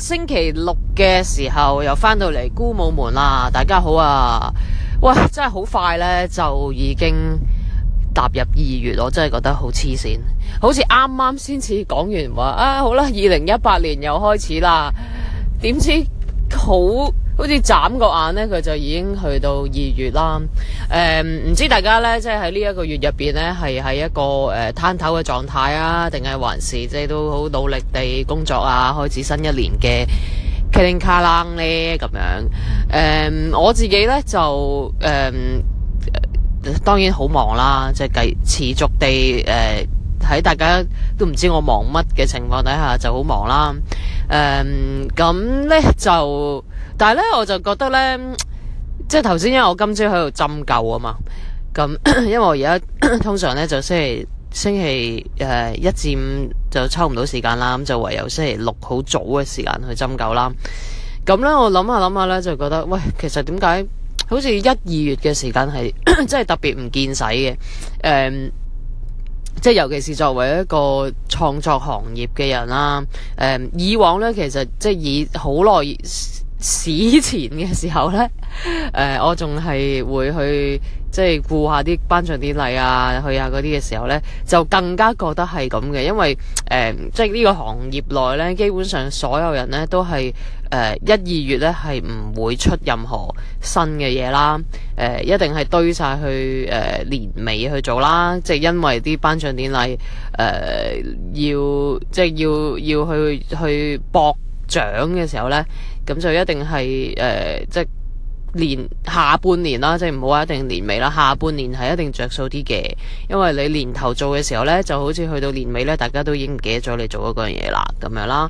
星期六嘅時候又翻到嚟菇武門啦，大家好啊！哇，真係好快呢，就已經踏入二月，我真係覺得好黐線，好似啱啱先至講完話啊，好啦，二零一八年又開始啦，點知好～好似眨個眼呢，佢就已經去到二月啦。誒、嗯，唔知大家呢，即係喺呢一個月入邊呢，係喺一個誒攤頭嘅狀態啊，定係還是即係都好努力地工作啊，開始新一年嘅卡丁卡冷咧咁樣。誒、嗯，我自己呢，就誒、呃，當然好忙啦、啊，即係繼持續地誒喺、呃、大家。都唔知我忙乜嘅情況底下就好忙啦。誒、嗯，咁咧就，但係呢，我就覺得呢，即係頭先因為我今朝喺度針灸啊嘛。咁、嗯、 因為我而家 通常呢，就星期星期誒一至五就抽唔到時間啦，咁就唯有星期六好早嘅時間去針灸啦。咁、嗯、呢，我諗下諗下呢，就覺得喂，其實點解好似一二月嘅時間係即係特別唔見使嘅？誒、嗯。即係尤其是作為一個創作行業嘅人啦、啊，誒、嗯、以往咧，其實即係以好耐史前嘅時候咧，誒、嗯、我仲係會去。即係顧下啲頒獎典禮啊，去下嗰啲嘅時候呢，就更加覺得係咁嘅，因為誒、呃，即係呢個行業內呢，基本上所有人呢都係誒一、二、呃、月呢係唔會出任何新嘅嘢啦，誒、呃、一定係堆晒去誒、呃、年尾去做啦，即係因為啲頒獎典禮誒、呃、要即係要要去去博獎嘅時候呢，咁就一定係誒、呃、即係。年下半年啦，即係唔好話一定年尾啦，下半年係一定着數啲嘅，因為你年頭做嘅時候呢，就好似去到年尾呢，大家都已經唔記得咗你做咗嗰樣嘢啦，咁樣啦，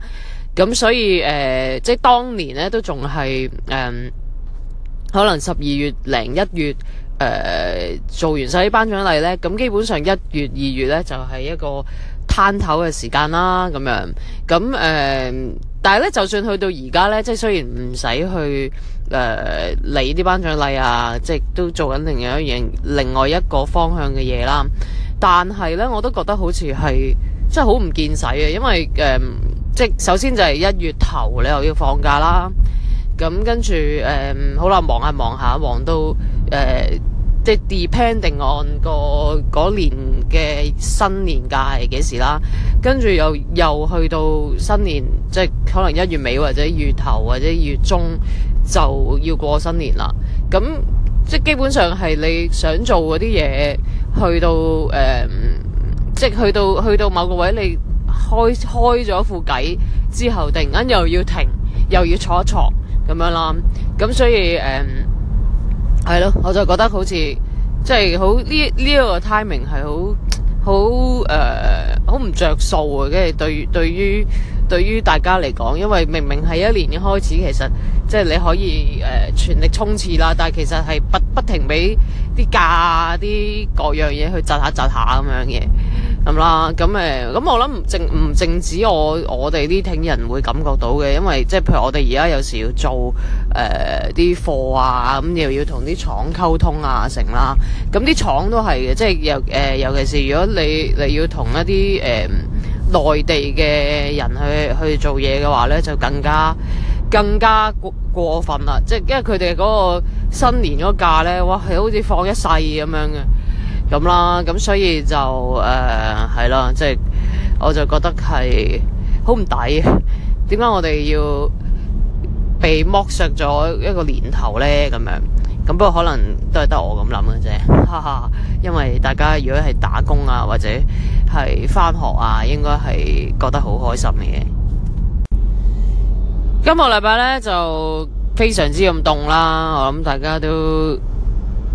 咁所以誒、呃，即係當年呢，都仲係誒，可能十二月零一月誒、呃、做完晒啲頒獎禮呢，咁基本上一月二月呢，就係、是、一個攤頭嘅時間啦，咁樣，咁誒。呃但係咧，就算去到而家咧，即係雖然唔使去誒、呃、理啲頒獎禮啊，即係都做緊另一樣、另外一個方向嘅嘢啦。但係咧，我都覺得好似係即係好唔見使嘅，因為誒、呃，即係首先就係一月頭你又要放假啦。咁跟住誒、呃，好啦，忙下忙下，忙到誒。呃即係 depending on 嗰年嘅新年假係幾時啦，跟住又又去到新年，即係可能一月尾或者月頭或者月中就要過新年啦。咁即係基本上係你想做嗰啲嘢，去到誒，即係去到去到某個位，你開開咗副偈之後，突然間又要停，又要坐一坐咁樣啦。咁所以誒。係咯，我就覺得好似即係好呢呢個 timing 係好好誒好唔、呃、着數啊。跟住對於對於對於大家嚟講，因為明明係一年嘅開始，其實即係你可以誒、呃、全力衝刺啦，但係其實係不不停俾啲價啲各樣嘢去窒下窒下咁樣嘅。咁啦，咁誒，咁我諗唔淨唔淨止我我哋呢挺人會感覺到嘅，因為即係譬如我哋而家有時要做誒啲貨啊，咁又要同啲廠溝通啊成啦，咁啲廠都係嘅，即係又誒，尤其是如果你你要同一啲誒內地嘅人去去做嘢嘅話咧，就更加更加過過分啦，即係因為佢哋嗰個新年嗰個假咧，哇係好似放一世咁樣嘅。咁啦，咁所以就誒係、呃、啦，即係我就覺得係好唔抵，點解我哋要被剝削咗一個年頭呢？咁樣咁不過可能都係得我咁諗嘅啫，哈哈，因為大家如果係打工啊或者係翻學啊，應該係覺得好開心嘅。今個禮拜呢，就非常之咁凍啦，我諗大家都。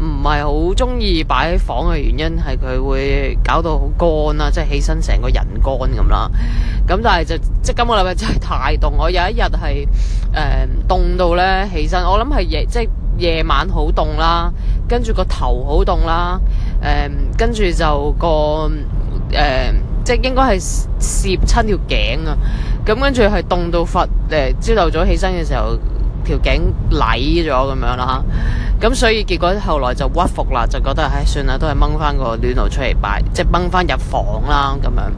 唔係好中意擺喺房嘅原因係佢會搞到好乾啦，即係起身成個人乾咁啦。咁但係就即係今個禮拜真係太凍，我有一日係誒凍到咧起身，我諗係夜即係夜晚好凍啦，跟住個頭好凍啦，誒跟住就個誒、呃、即係應該係攝親條頸啊。咁跟住係凍到發誒，朝、呃、頭早起身嘅時候。條頸攣咗咁樣啦，咁所以結果後來就屈服啦，就覺得唉，算啦，都係掹翻個暖爐出嚟，擺，即係掹翻入房啦咁樣。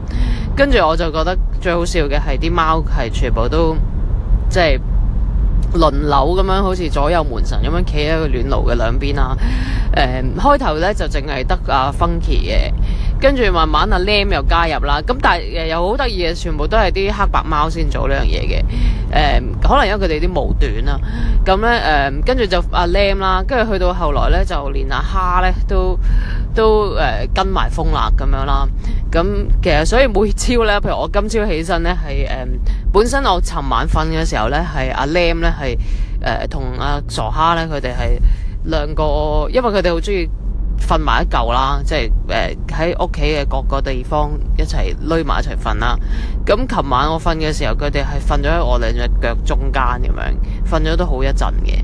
跟住我就覺得最好笑嘅係啲貓係全部都即係輪流咁樣，好似左右門神咁樣企喺個暖爐嘅兩邊啦。誒、啊，開頭呢就淨係得阿 Funky 嘅。跟住慢慢阿、啊、Lam 又加入啦，咁但係誒、呃、又好得意嘅，全部都係啲黑白貓先做呢樣嘢嘅，誒、呃、可能因為佢哋啲毛短啦，咁咧誒，跟住就阿、啊、Lam 啦，跟住去到後來咧，就連阿、啊、蝦咧都都誒、呃、跟埋風辣咁樣啦，咁、嗯、其實所以每朝咧，譬如我今朝起身咧係誒本身我尋晚瞓嘅時候咧係阿 Lam 咧係誒同阿傻蝦咧佢哋係兩個，因為佢哋好中意。瞓埋一嚿啦，即係誒喺屋企嘅各個地方一齊堆埋一齊瞓啦。咁琴晚我瞓嘅時候，佢哋係瞓咗喺我兩隻腳中間咁樣，瞓咗都好一陣嘅。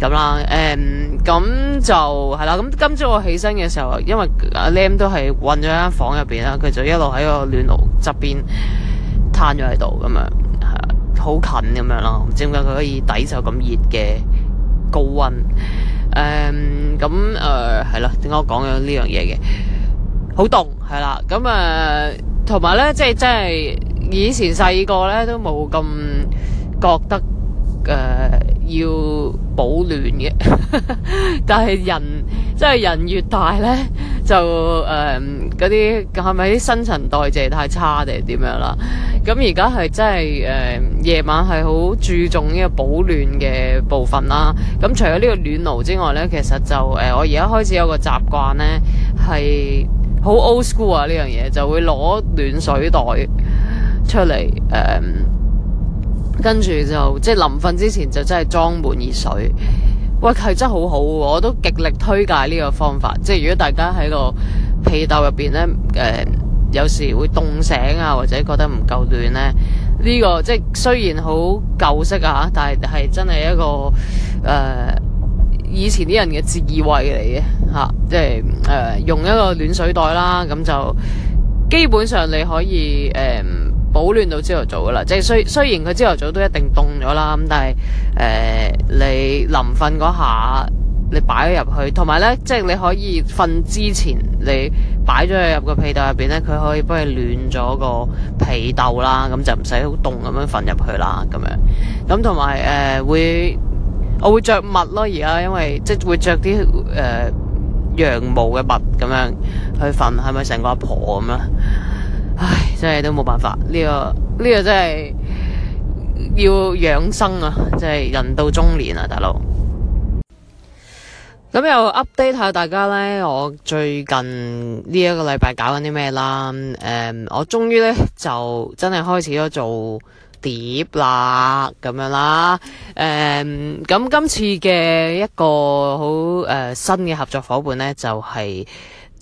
咁啦，誒、嗯、咁就係啦。咁今朝我起身嘅時候，因為阿 Lam 都係困咗喺間房入邊啦，佢就一路喺個暖爐側邊攤咗喺度咁樣，係啊，好近咁樣咯。唔知點解佢可以抵受咁熱嘅高溫。誒，咁誒係啦，點、呃、解我講咗、呃、呢樣嘢嘅？好凍係啦，咁誒同埋咧，即係即係以前細個咧都冇咁覺得誒。呃要保暖嘅， 但係人即係人越大呢，就誒嗰啲係咪啲新陳代謝太差定係點樣啦？咁而家係真係誒夜晚係好注重呢個保暖嘅部分啦。咁除咗呢個暖爐之外呢，其實就誒、呃、我而家開始有個習慣呢，係好 old school 啊呢樣嘢，就會攞暖水袋出嚟誒。呃跟住就即係臨瞓之前就真係裝滿熱水，喂係真係好好，啊，我都極力推介呢個方法。即係如果大家喺個被竇入邊呢，誒、呃、有時會凍醒啊，或者覺得唔夠暖呢。呢、這個即係雖然好舊式啊，但係係真係一個誒、呃、以前啲人嘅智慧嚟嘅吓，即係誒、呃、用一個暖水袋啦，咁就基本上你可以誒。呃保暖到朝頭早噶啦，即係雖雖然佢朝頭早都一定凍咗啦，咁但係誒、呃、你臨瞓嗰下你擺咗入去，同埋咧即係你可以瞓之前你擺咗佢入個被竇入邊咧，佢可以幫你暖咗個被竇啦，咁就唔使好凍咁樣瞓入去啦，咁樣咁同埋誒會我會着襪咯而家，因為即係會着啲誒羊毛嘅襪咁樣去瞓，係咪成個阿婆咁樣？唉，真係都冇辦法，呢、這個呢、這個真係要養生啊！真係人到中年啊，大佬。咁又 update 下大家呢。我最近呢一個禮拜搞緊啲咩啦？誒、嗯，我終於呢，就真係開始咗做碟啦，咁樣啦。誒、嗯，咁今次嘅一個好誒、呃、新嘅合作伙伴呢，就係、是。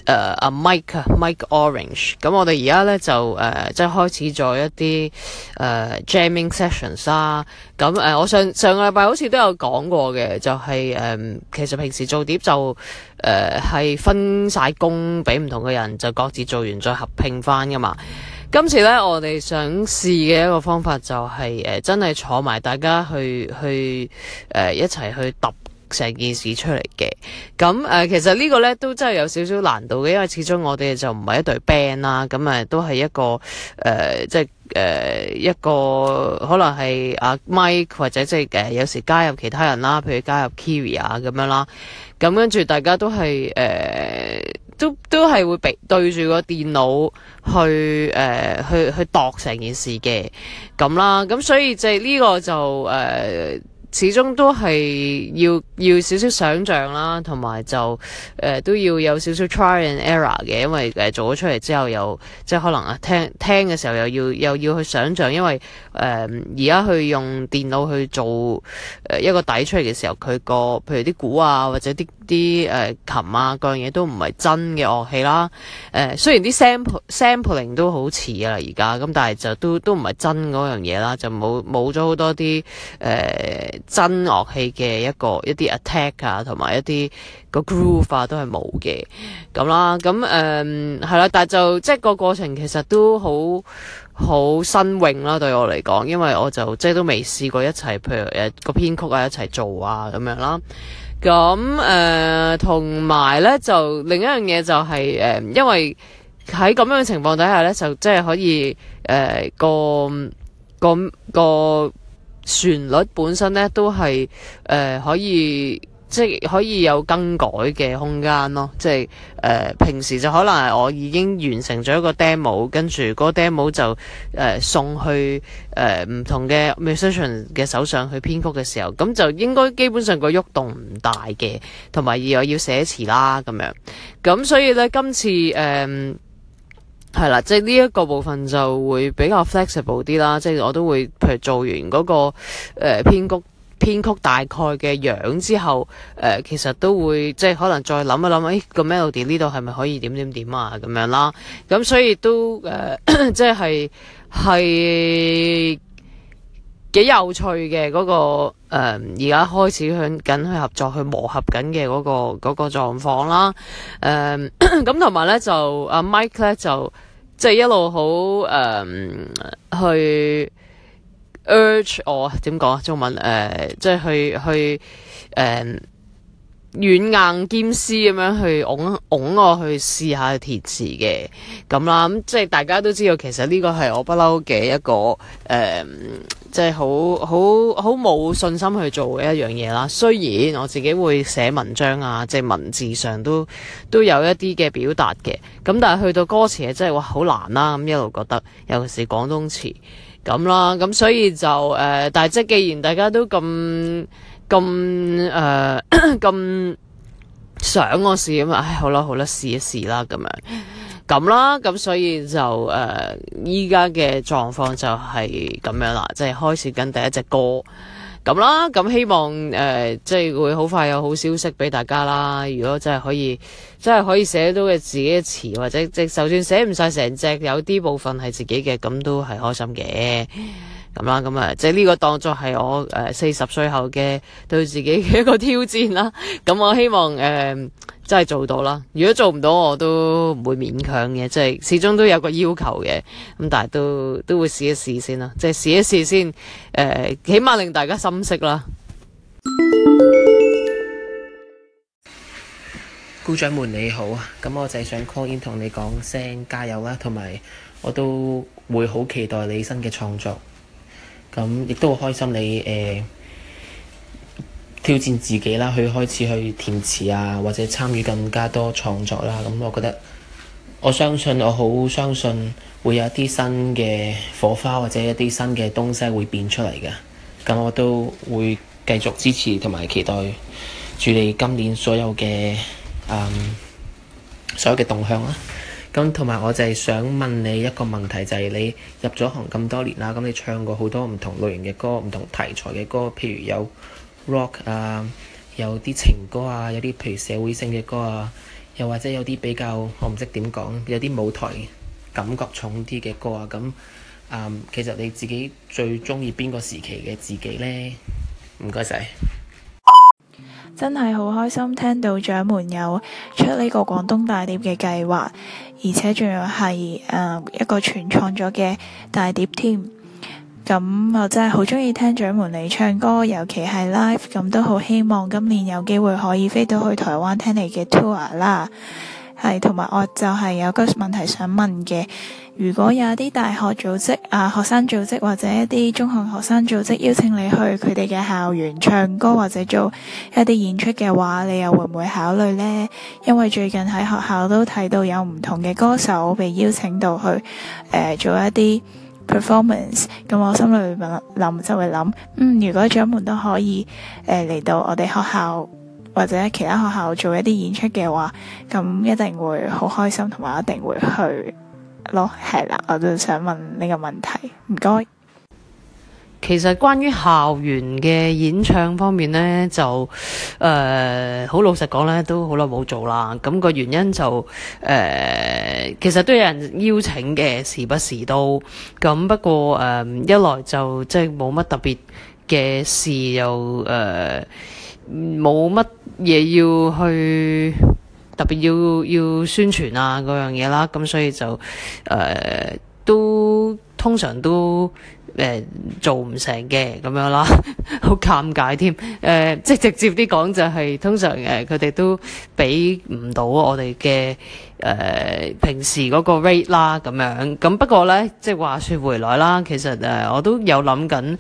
誒，阿、uh, Mike 啊，Mike Orange，咁我哋而家咧就誒、uh, 即係開始咗一啲誒、uh, Jamming Sessions 啦。咁誒、uh, 我上上個禮拜好似都有講過嘅，就係、是、誒、uh, 其實平時做碟就誒係、uh, 分晒工俾唔同嘅人，就各自做完再合併翻噶嘛。Mm hmm. 今次咧我哋想試嘅一個方法就係、是、誒、uh, 真係坐埋大家去去誒、uh, 一齊去揼。成件事出嚟嘅，咁誒、呃，其實個呢個咧都真係有少少難度嘅，因為始終我哋就唔係一對 band 啦，咁啊都係一個誒、呃，即係誒、呃、一個可能係阿 Mike 或者即係誒、呃、有時加入其他人啦，譬如加入 Kiri 啊咁樣啦，咁跟住大家都係誒、呃，都都係會俾對住個電腦去誒、呃、去去度成件事嘅，咁啦，咁所以即係呢、這個就誒。呃始終都係要要少少想象啦，同埋就誒、呃、都要有少少 try and error 嘅，因為誒、呃、做咗出嚟之後又即係可能啊聽聽嘅時候又要又要去想象，因為誒而家去用電腦去做誒、呃、一個底出嚟嘅時候，佢個譬如啲鼓啊或者啲。啲誒、呃、琴啊，各樣嘢都唔係真嘅樂器啦。誒、呃，雖然啲 sampling 都好似啊，而家咁，但係但係就都都唔係真嗰樣嘢啦，就冇冇咗好多啲誒、呃、真樂器嘅一個一啲 attack 啊，同埋一啲、個 groove 啊，都係冇嘅咁啦。咁誒係啦，但係就即係個過程其實都好好新穎啦，對我嚟講，因為我就即係都未試過一齊，譬如誒個編曲啊，一齊做啊咁樣啦。咁誒，同埋咧就另一樣嘢就係、是、誒、呃，因為喺咁樣嘅情況底下咧，就即係可以誒、呃、個個個旋律本身咧都係誒、呃、可以。即係可以有更改嘅空間咯，即係誒、呃、平時就可能係我已經完成咗一個 demo，跟住嗰個 demo 就誒、呃、送去誒、呃、唔同嘅 musician 嘅手上去編曲嘅時候，咁就應該基本上個喐動唔大嘅，同埋而我要寫詞啦咁樣，咁所以呢，今次誒係、呃、啦，即係呢一個部分就會比較 flexible 啲啦，即係我都會譬如做完嗰個誒、呃、編曲。編曲大概嘅樣之後，誒、呃、其實都會即係可能再諗一諗，誒、哎、個 melody 呢度係咪可以點點點啊咁樣啦？咁、嗯、所以都誒、呃，即係係幾有趣嘅嗰、那個而家、呃、開始響緊去合作去磨合緊嘅嗰個嗰、那個狀況啦。誒咁同埋咧就阿、啊、Mike 咧就即係一路好誒去。Urge 我點講啊？中文誒、呃，即係去去誒軟、呃、硬兼施咁樣去㧬㧬我去試下填詞嘅咁啦。咁即係大家都知道，其實呢個係我不嬲嘅一個誒、呃，即係好好好冇信心去做嘅一樣嘢啦。雖然我自己會寫文章啊，即係文字上都都有一啲嘅表達嘅，咁但係去到歌詞係真係哇好難啦。咁一路覺得，尤其是廣東詞。咁啦，咁所以就誒、呃，但即既然大家都咁咁誒咁想我試咁，唉，好啦好啦，試一試啦咁樣，咁啦，咁所以就誒，依家嘅狀況就係咁樣啦，即係開始緊第一隻歌。咁啦，咁希望誒、呃，即係會好快有好消息俾大家啦。如果真係可以，真係可以寫到嘅自己嘅詞，或者即就算寫唔晒成隻，有啲部分係自己嘅，咁都係開心嘅。咁啦，咁啊，即係呢個當作係我誒四十歲後嘅對自己嘅一個挑戰啦。咁我希望誒。呃真係做到啦！如果做唔到，我都唔會勉強嘅，即係始終都有個要求嘅。咁但係都都會試一試先啦，即係試一試先，誒、呃，起碼令大家心息啦。菇掌門你好，咁我就係想 call in 同你講聲加油啦，同埋我都會好期待你新嘅創作。咁亦都好開心你誒。呃挑戰自己啦，去開始去填詞啊，或者參與更加多創作啦。咁我覺得，我相信我好相信會有一啲新嘅火花，或者一啲新嘅東西會變出嚟嘅。咁我都會繼續支持同埋期待住你今年所有嘅、嗯、所有嘅動向啦。咁同埋我就係想問你一個問題，就係、是、你入咗行咁多年啦，咁你唱過好多唔同類型嘅歌，唔同題材嘅歌，譬如有 Rock 啊，有啲情歌啊，有啲譬如社會性嘅歌啊，又或者有啲比較我唔識點講，有啲舞台感覺重啲嘅歌啊，咁啊、嗯，其實你自己最鍾意邊個時期嘅自己咧？唔該晒，真係好開心聽到掌門有出呢個廣東大碟嘅計劃，而且仲要係誒一個全創咗嘅大碟添。咁我真係好中意聽掌門你唱歌，尤其係 live，咁都好希望今年有機會可以飛到去台灣聽你嘅 tour 啦。係，同埋我就係有個問題想問嘅，如果有啲大學組織啊、學生組織或者一啲中學學生組織邀請你去佢哋嘅校園唱歌或者做一啲演出嘅話，你又會唔會考慮呢？因為最近喺學校都睇到有唔同嘅歌手被邀請到去、呃、做一啲 Performance，咁我心裏諗就會諗，嗯，如果掌門都可以誒嚟、呃、到我哋學校或者其他學校做一啲演出嘅話，咁一定會好開心，同埋一定會去咯。係啦，我就想問呢個問題，唔該。其實關於校園嘅演唱方面呢，就誒好、呃、老實講咧，都好耐冇做啦。咁、那個原因就誒、呃，其實都有人邀請嘅，時不時都咁。不過誒、呃，一來就即係冇乜特別嘅事，又誒冇乜嘢要去特別要要宣傳啊嗰樣嘢啦。咁所以就誒、呃、都通常都。誒、呃、做唔成嘅咁樣啦，好 尷尬添。誒、呃、即係直接啲講就係、是，通常誒佢哋都俾唔到我哋嘅。誒、呃、平時嗰個 rate 啦咁樣，咁不過呢，即係話說回來啦，其實誒、呃、我都有諗緊，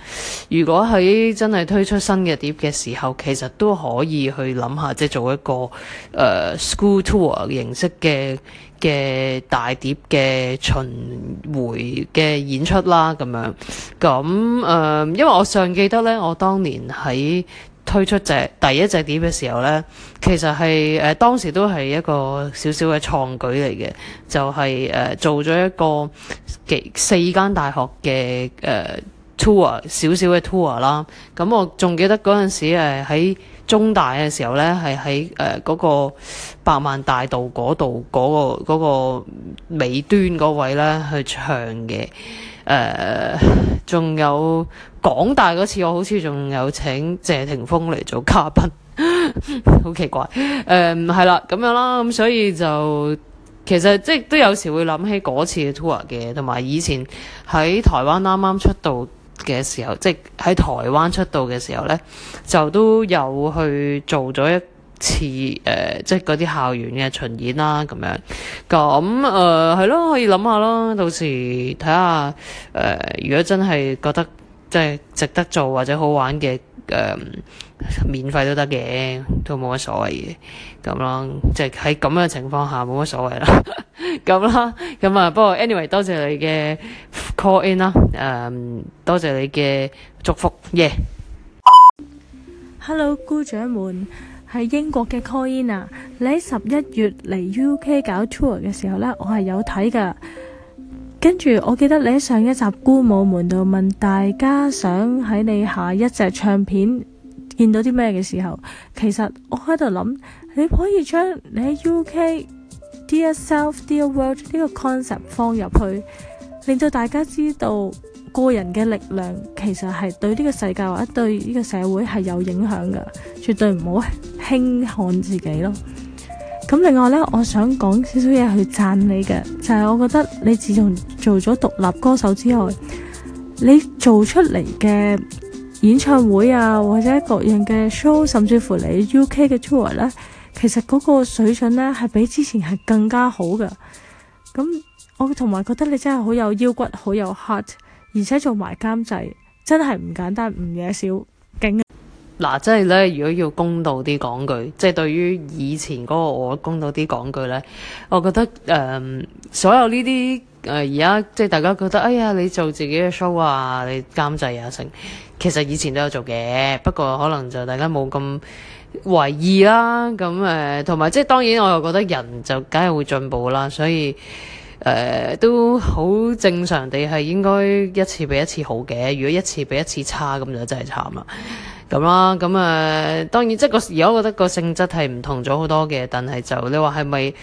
如果喺真係推出新嘅碟嘅時候，其實都可以去諗下，即係做一個誒、呃、school tour 形式嘅嘅大碟嘅巡迴嘅演出啦咁樣。咁誒、呃，因為我尚記得呢，我當年喺推出隻第一隻碟嘅時候咧，其實係誒、呃、當時都係一個少少嘅創舉嚟嘅，就係、是、誒、呃、做咗一個幾四間大學嘅誒、呃、tour 少少嘅 tour 啦。咁、嗯、我仲記得嗰陣時喺，呃中大嘅時候呢，係喺誒嗰個百萬大道嗰度嗰個尾端嗰位呢去唱嘅。誒、呃，仲有港大嗰次，我好似仲有請謝霆鋒嚟做嘉賓， 好奇怪。誒、呃，係啦，咁樣啦，咁所以就其實即都有時會諗起嗰次嘅 tour 嘅，同埋以前喺台灣啱啱出道嘅時候，即係喺台灣出道嘅時候呢，就都有去做咗一次誒、呃，即係嗰啲校園嘅巡演啦，咁樣，咁誒係咯，可以諗下咯，到時睇下誒、呃，如果真係覺得即係值得做或者好玩嘅。誒，免費都得嘅，都冇乜所謂嘅咁咯。即係喺咁樣嘅情況下，冇乜所謂啦。咁啦，咁啊。不過 anyway，多謝你嘅 call in 啦。誒，多謝你嘅祝福。耶，Hello，菇掌門，係英國嘅 call in 啊。你喺十一月嚟 UK 搞 tour 嘅時候咧，我係有睇噶。跟住，我記得你喺上一集《菇武門》度問大家想喺你下一隻唱片見到啲咩嘅時候，其實我喺度諗，你可以將你喺 UK Dear Self, Dear World 呢個 concept 放入去，令到大家知道個人嘅力量其實係對呢個世界或者對呢個社會係有影響嘅，絕對唔好輕看自己咯。咁另外呢，我想講少少嘢，去讚你嘅，就係、是、我覺得你自從做咗獨立歌手之外，你做出嚟嘅演唱會啊，或者各樣嘅 show，甚至乎你 UK 嘅 tour 呢，其實嗰個水準呢係比之前係更加好嘅。咁我同埋覺得你真係好有腰骨，好有 heart，而且做埋監製真係唔簡單，唔惹笑。嗱，即係咧，如果要公道啲講句，即係對於以前嗰個我公道啲講句呢，我覺得誒、呃，所有呢啲誒，而、呃、家即係大家覺得，哎呀，你做自己嘅 show 啊，你監製啊，成其實以前都有做嘅，不過可能就大家冇咁懷疑啦。咁誒，同、呃、埋即係當然，我又覺得人就梗係會進步啦，所以誒、呃、都好正常地係應該一次比一次好嘅。如果一次比一次差，咁就真係慘啦。咁啦，咁誒，當然即係個而家覺得個性質係唔同咗好多嘅，但係就你話係咪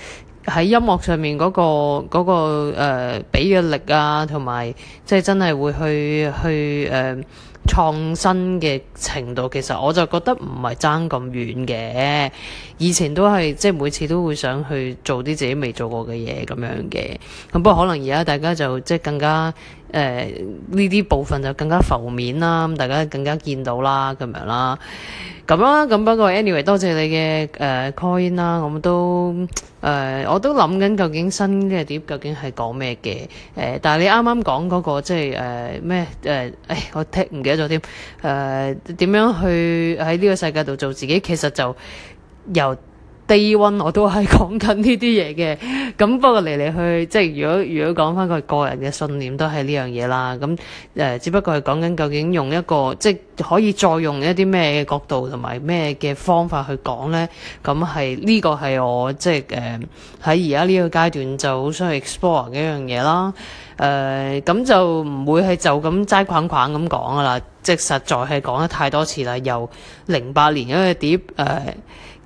喺音樂上面嗰個嗰個誒畀嘅力啊，同埋即係真係會去去誒、呃、創新嘅程度，其實我就覺得唔係差咁遠嘅。以前都係即係每次都會想去做啲自己未做過嘅嘢咁樣嘅，咁不過可能而家大家就即係更加誒呢啲部分就更加浮面啦，咁大家更加見到啦，咁樣啦，咁啦，咁不過 anyway 多謝你嘅誒 coin 啦，咁、呃、都誒、呃、我都諗緊究竟新嘅碟究竟係講咩嘅？誒、呃，但係你啱啱講嗰個即係誒咩誒？我聽唔記得咗添誒？點、呃、樣去喺呢個世界度做自己？其實就由低 a 我都係講緊呢啲嘢嘅，咁不過嚟嚟去即係，如果如果講翻佢個人嘅信念，都係呢樣嘢啦。咁誒、呃，只不過係講緊究竟用一個即係可以再用一啲咩嘅角度同埋咩嘅方法去講呢。咁係呢個係我即係喺而家呢個階段就好想 explore 嘅一樣嘢啦。誒、呃、咁就唔會係就咁齋框框咁講噶啦，即係實在係講得太多次啦。由零八年嗰個碟誒。呃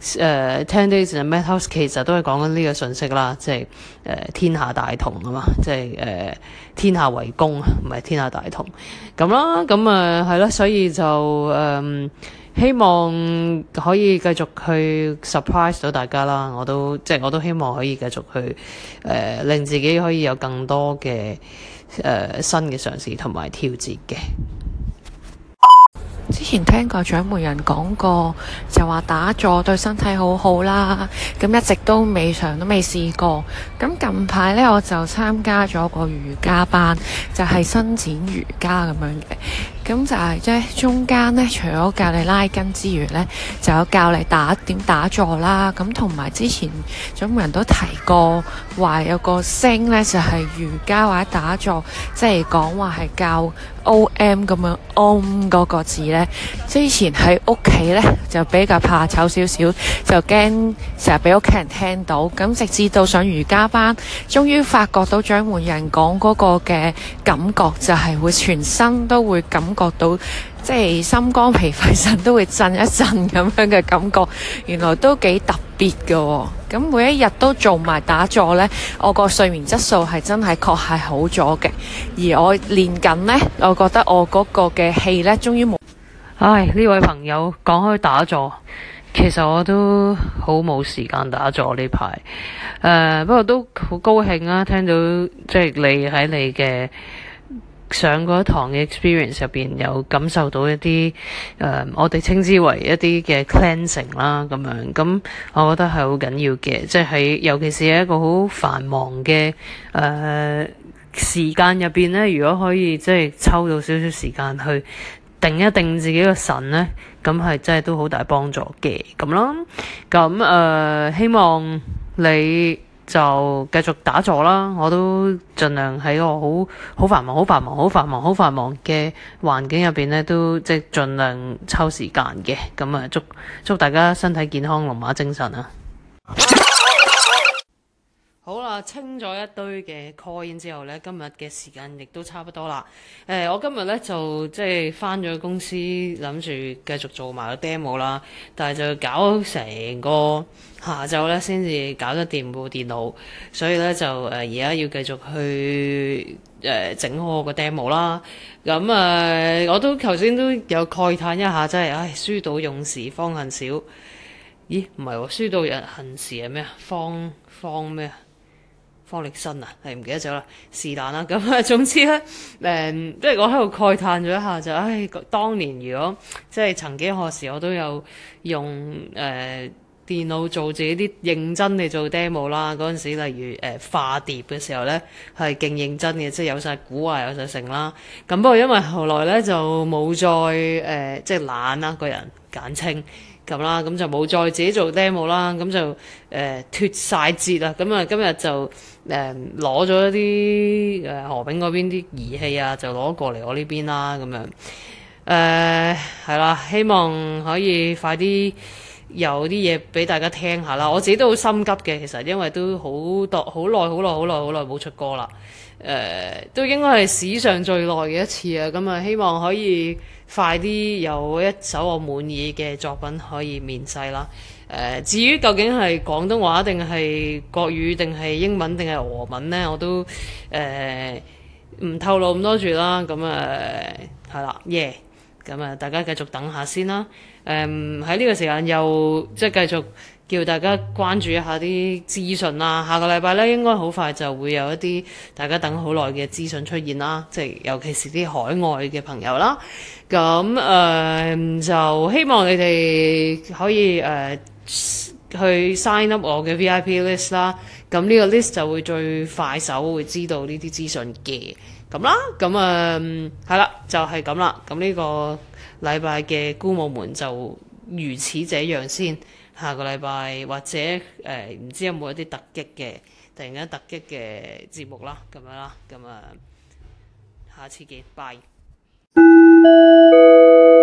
誒 Ten Days in a Mad House 其實都係講緊呢個信息啦，即係誒、呃、天下大同啊嘛，即係誒、呃、天下為公啊，唔係天下大同咁啦，咁啊係咯，所以就誒、呃、希望可以繼續去 surprise 到大家啦。我都即係我都希望可以繼續去誒、呃、令自己可以有更多嘅誒、呃、新嘅嘗試同埋挑戰嘅。之前聽過掌門人講過，就話打坐對身體好好啦，咁一直都未嘗都未試過。咁近排呢，我就參加咗個瑜伽班，就係伸展瑜伽咁樣嘅。咁就係即係中間咧，除咗教你拉筋之餘咧，就有教你打點打坐啦。咁同埋之前掌門人都提過話有個聲咧就係、是、瑜伽或者打坐，即係講話係教 O M 咁樣 M 嗰個字咧。之前喺屋企咧就比較怕醜少少，就驚成日俾屋企人聽到。咁直至到上瑜伽班，終於發覺到掌門人講嗰個嘅感覺就係會全身都會感。感覺到即係心肝脾肺腎都會震一震咁樣嘅感覺，原來都幾特別嘅、哦。咁每一日都做埋打坐呢，我個睡眠質素係真係確係好咗嘅。而我練緊呢，我覺得我嗰個嘅氣呢，終於冇。唉，呢位朋友講開打坐，其實我都好冇時間打坐呢排。誒，不過都好高興啊，聽到即係、就是、你喺你嘅。上嗰一堂嘅 experience 入邊有感受到一啲誒、呃、我哋稱之為一啲嘅 cleansing 啦，咁樣，咁，我覺得係好緊要嘅，即係喺尤其是喺一個好繁忙嘅誒、呃、時間入邊咧，如果可以即係抽到少少時間去定一定自己嘅神咧，咁係真係都好大幫助嘅，咁咯，咁誒、呃、希望你。就繼續打坐啦！我都盡量喺個好好繁忙、好繁忙、好繁忙、好繁忙嘅環境入邊呢都即係盡量抽時間嘅。咁啊，祝祝大家身體健康，龍馬精神啊！啊好啦，清咗一堆嘅 coin 之後呢，今日嘅時間亦都差不多啦。誒、欸，我今日呢，就即係返咗公司，諗住繼續做埋個 demo 啦。但係就搞成個下晝呢，先至搞得掂部電腦，所以呢，就誒而家要繼續去誒、呃、整好我個 demo 啦。咁、嗯、誒、呃，我都頭先都有慨嘆一下，真係唉，書到用時方恨少。咦？唔係喎，書到日恨時係咩啊？方方咩啊？方力申啊，係唔記得咗啦，是但啦。咁啊，總之咧，誒、嗯，即係我喺度慨嘆咗一下就，唉，當年如果即係曾幾何時，我都有用誒、呃、電腦做自己啲認真嚟做 demo 啦。嗰陣時，例如誒、呃、化蝶嘅時候咧，係勁認真嘅，即係有晒鼓啊，有晒成啦。咁不過因為後來咧就冇再誒、呃，即係懶啦，個人簡稱咁啦，咁就冇再自己做 demo 啦。咁就誒脱曬節啦。咁啊，今日就～、呃誒攞咗一啲誒、呃、何炳嗰邊啲儀器啊，就攞過嚟我呢邊啦，咁樣誒係、呃、啦，希望可以快啲有啲嘢俾大家聽下啦。我自己都好心急嘅，其實因為都好多好耐、好耐、好耐、好耐冇出歌啦。誒、呃、都應該係史上最耐嘅一次啊！咁啊，希望可以快啲有一首我滿意嘅作品可以面世啦。至於究竟係廣東話定係國語定係英文定係俄文呢，我都誒唔、呃、透露咁多住啦。咁啊，係、呃、啦，耶！咁、yeah，啊，大家繼續等下先啦。誒、呃，喺呢個時間又即係繼續叫大家關注一下啲資訊啦。下個禮拜咧，應該好快就會有一啲大家等好耐嘅資訊出現啦。即係尤其是啲海外嘅朋友啦。咁誒、呃，就希望你哋可以誒。呃去 sign up 我嘅 VIP list 啦，咁呢個 list 就會最快手會知道呢啲資訊嘅，咁啦，咁啊係啦，就係咁啦，咁呢個禮拜嘅菇武門就如此這樣先，下個禮拜或者誒唔、呃、知有冇一啲突擊嘅，突然間突擊嘅節目啦，咁樣啦，咁啊、嗯，下次見，拜。